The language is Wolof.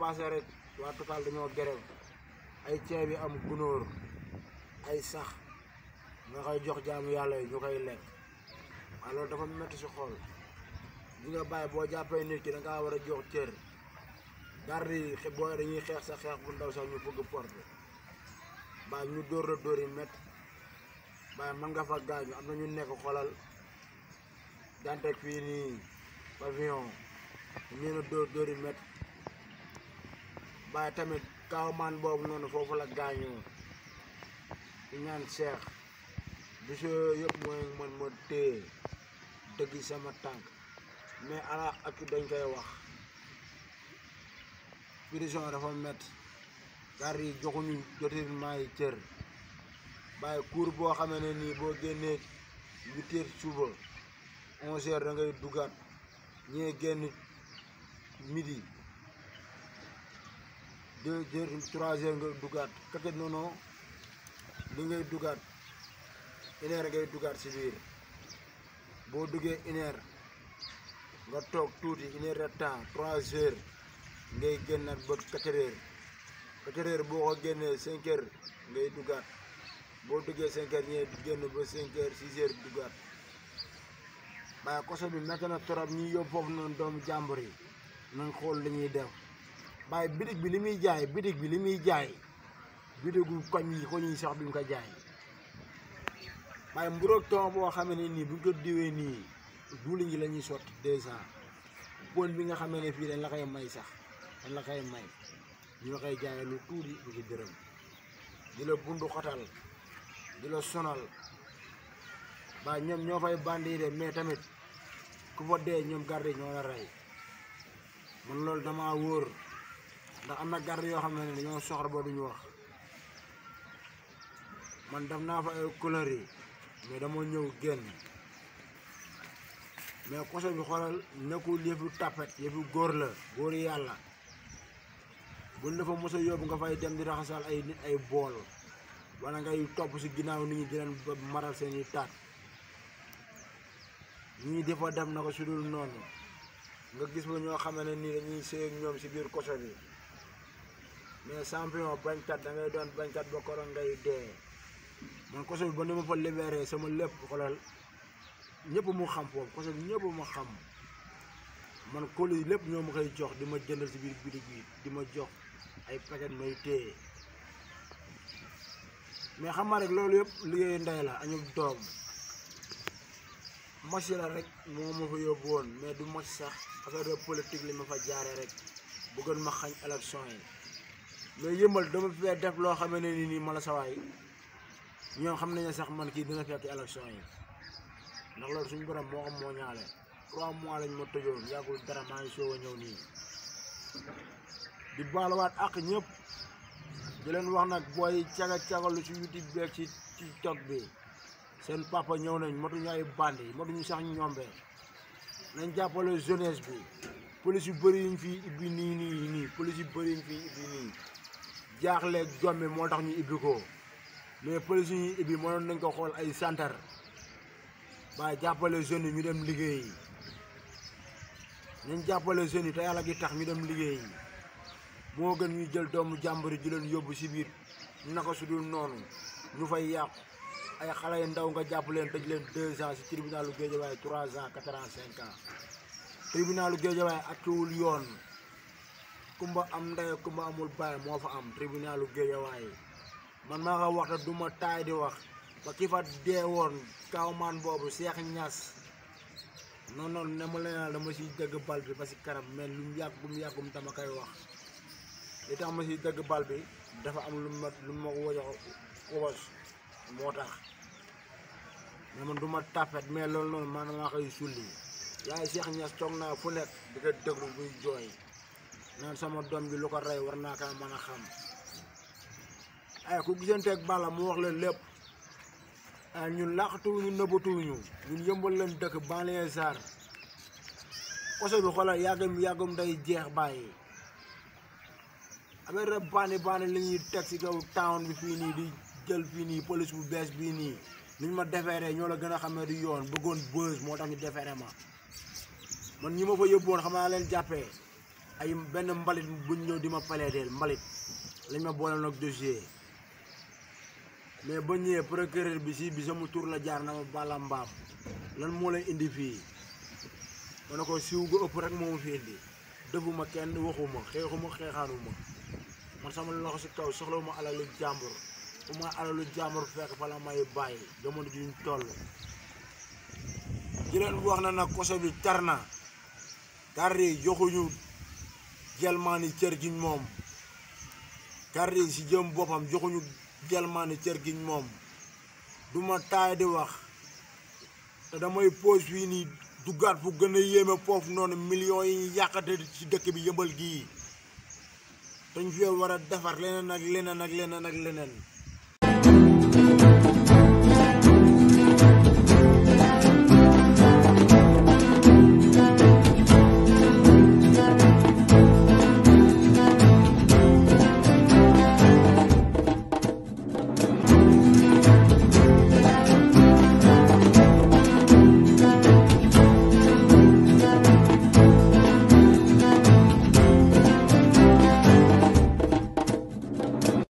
passé rek waa Total dañoo gerew ay ceeb yi am gunóor ay sax nga koy jox jaamu yàlla yi ñu koy lekk waaye loolu dafa metti si xol bi nga bàyyi boo jàppee nit ki danga war a jox cër garde yi boo dañuy xeex sa xeex bu ndaw sax ñu bëgg porte bàyyi ñu dóor dóor yi métti bàyyi mën nga fa gaañu am na ñu nekk xolal Dantec fii nii pavillon ñu dóor dóor yi métti bàyyi tamit man boobu noonu foofu la gaañoo ñu ñaan seex bisoo yëpp mooy man ma téye dëgg sama tànk mais ala ak dañ koy wax prison dafa métti garde yi joxuñu jotirement yi cër bàyyi cour boo xamee ne nii boo génnee huit heures suba onze heures da ñee génn midi deux heures trois heures nga dugaat kake noonu li ngay dugaat une heure ngay dugaat si biir boo duggee une nga toog tuuti une heure de trois heures ngay génnaat ba quatre heures quatre boo ko génnee cinq heures ngay dugaat boo duggee cinq heures ñee génn ba cinq heures six heures dugaat waaye koso bi métti na trop ñi yóbbu foofu noonu doomu jàmbur yi nañ xool li ñuy def waaye bitig bi li muy jaay bitig bi li muy jaay bitigu koñ yi ko ñuy sax duñ ko jaay waaye mburoog ton boo xamee ne nii buñ ko diwee nii duuli ñi la ñuy sotti dèjà pon bi nga xamee ne fii dañ la koy may sax dañ la koy may ñu koy jaayee lu tuuti du ci dërëm di la bundu xotal di la sonal ba ñoom ñoo fay bandi de mais tamit ku fa dee ñoom garde ñoo la rey man loolu damaa wóor ndax am na garde yoo xam ne ñoo soxor ba duñu wax man def naa fa ay couleur yi mais dama ñëw génn mais koso bi xoolal nekkul yëfu tapet yëfu góor la góor yàlla buñ la fa mos a yóbbu nga fay dem di raxasal ay nit ay bool wala ngay topp ci ginnaaw nit ñi di leen maral seeni taat ñii di fa dem na ko su dul noonu nga gis ba ñoo xam ne nii dañuy séy ak ñoom si biir koso bi mais champion bañkat da ngay doon bañkat ba koro ngay dee man koso bi ba nu ma fa libéré sama lépp xolal ñëpp mu xam foofu koso bi ñëpp mu xam man kóol lépp ñoo ma koy jox di ma jëndal si biir bitig bi di ma jox ay paquet may téye mais xam rek loolu yëpp liggéeyu nday la añu doom match la rek moo ma fa yóbbu woon mais du match sax affaire de politique li ma fa jaaree rek bëggoon ma xañ élection yi mais yëmbal dama fee def loo xamee ne nii nii la sawaay ñoom xam nañu sax man kii dina fekk élection yi ndax loolu suñu borom moo xam moo ñaale trois mois lañ ma tëjoon yàggul dara maa ngi a ñëw nii di baalawaat ak ñëpp di wax nag booy caga cagalu ci YouTube beeg ci TikTok bi seen papa ñëw nañ matuñu ay bandi matuñu sax ñombe nañ jàppale jeunesse bi police yu bari yuñ fii ibbi nii nii nii yu bëri yuñ fii ibbi nii jaaxleeg jommi moo tax ñu ibbi ko mais police yi ibbi mënoon nañ ko xool ay santar waaye jàppale jeunes yi ñu dem liggéey nañ jàppale jeunes yi te yàlla gi tax ñu dem liggéey moo gën ñu jël doomu jàmbur ji leen yóbbu si biir naka su dul noonu ñu fay yàqu ay xale yu ndaw nga jàpp leen tëj leen deux ans si tribunalu Guédiawaye trois ans quatre ans cinq ans tribunalu Guédiawaye attuwul yoon. kumba am ndey kumba amul baay moo fa am tribunalu Géejawaay man maa ko wax te du ma taay di wax ba ki fa dee woon kawmaan boobu Seex Ñas noon noon ne ma leen dama ci dëgg bal bi ba si kanam mais lu mu yàgg yàggum dama koy wax li tax ma siy dëgg bal bi dafa am lu ma lu ma wojox woos moo tax mais man du ma tapet loolu noonu man maa koy sulli yaay Seex Ñas toog naa fu nekk di ko déglu muy jooy naan sama doom bi lu ko rey war naa kaa mën a xam ay ku gisanteeg Balla mu wax leen lépp ah ñun làqatuwuñu nëbbatuwuñu ñun yëmbal leen dëkk banlieue sar koso bi xoolal yàggum yàggum day jeex bàyyi affaire rek baani baani li ñuy teg ci kaw town bi fii nii di jël fii nii police bu bees bii nii niñ ma deferee ñoo la gën a xamee du yoon bëggoon buzz moo tax ñu defeere ma man ñi ma fa yóbboon xam naa leen jàppee ay benn mbalit buñ ñëw di ma paleeteel mbalit lañ ma boole nag dossier mais ba ñëwee procureur bi si bi sama tur la jaar na ma Balla Mbaam lan moo lay indi fii ma ne ko siw gu ëpp rek moomu fi indi defuma kenn waxuma xeexuma xeexaanuma man sama loxo si kaw soxlawuma alalu jàmbur fu ma alalu jàmbur fekk fa la may bàyyi jamono juñ toll di leen wax na nag koso bi tar na tar yi joxuñu Gelmani cër giñ moom gardi ci jëm boppam joxuñu Gelmani cër gi moom duma taay di wax te damay pose fii nii duggaat bu gën a yéeme foofu noonu millions yi ñu yàqate ci dëkk bi yëmbal gii dañ fee war a defar leneen ak leneen ak leneen ak leneen